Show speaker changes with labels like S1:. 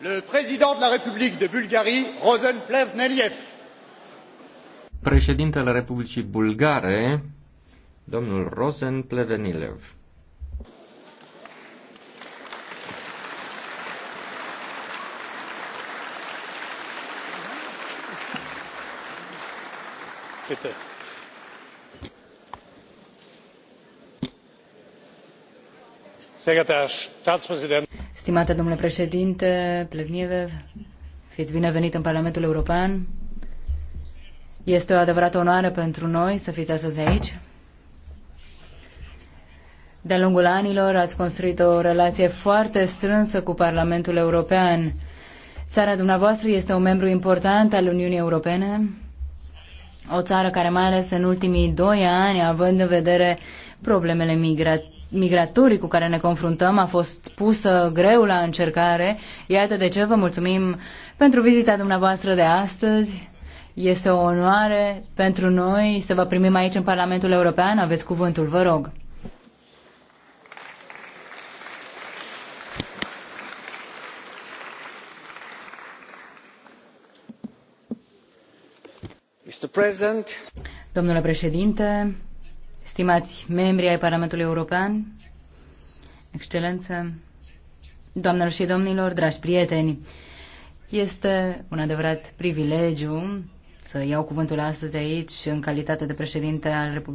S1: Le président de la République de Bulgarie, Rosen Plevneliev. Președintele Republicii Bulgare, domnul Rosen Plevneliev. Bitte. Sehr geehrter Herr Staatspräsident! Stimate domnule președinte, Plevniev, fiți binevenit în Parlamentul European. Este o adevărată onoare pentru noi să fiți astăzi aici. De-a lungul anilor ați construit o relație foarte strânsă cu Parlamentul European. Țara dumneavoastră este un membru important al Uniunii Europene, o țară care mai ales în ultimii doi ani, având în vedere problemele migrate, migratorii cu care ne confruntăm a fost pusă greu la încercare. Iată de ce vă mulțumim pentru vizita dumneavoastră de astăzi. Este o onoare pentru noi să vă primim aici în Parlamentul European. Aveți cuvântul, vă rog. Mr. President. Domnule președinte, stimați membri ai Parlamentului European, Excelență, doamnelor și domnilor, dragi prieteni, este un adevărat privilegiu să iau cuvântul astăzi aici în calitate de președinte al Republicii